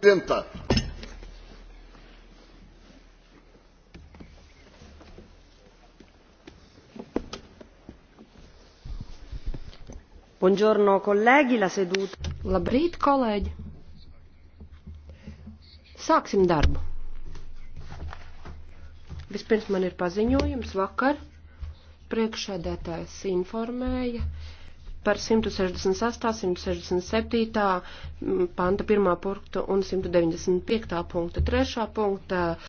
presidenta. Buongiorno colleghi, la seduta. Labrīt, kolēģi. Sāksim darbu. Vispirms man ir paziņojums vakar. Priekšsēdētājs informēja, par 168, 167, panta 1. punktu un 195. punkta 3. punkta.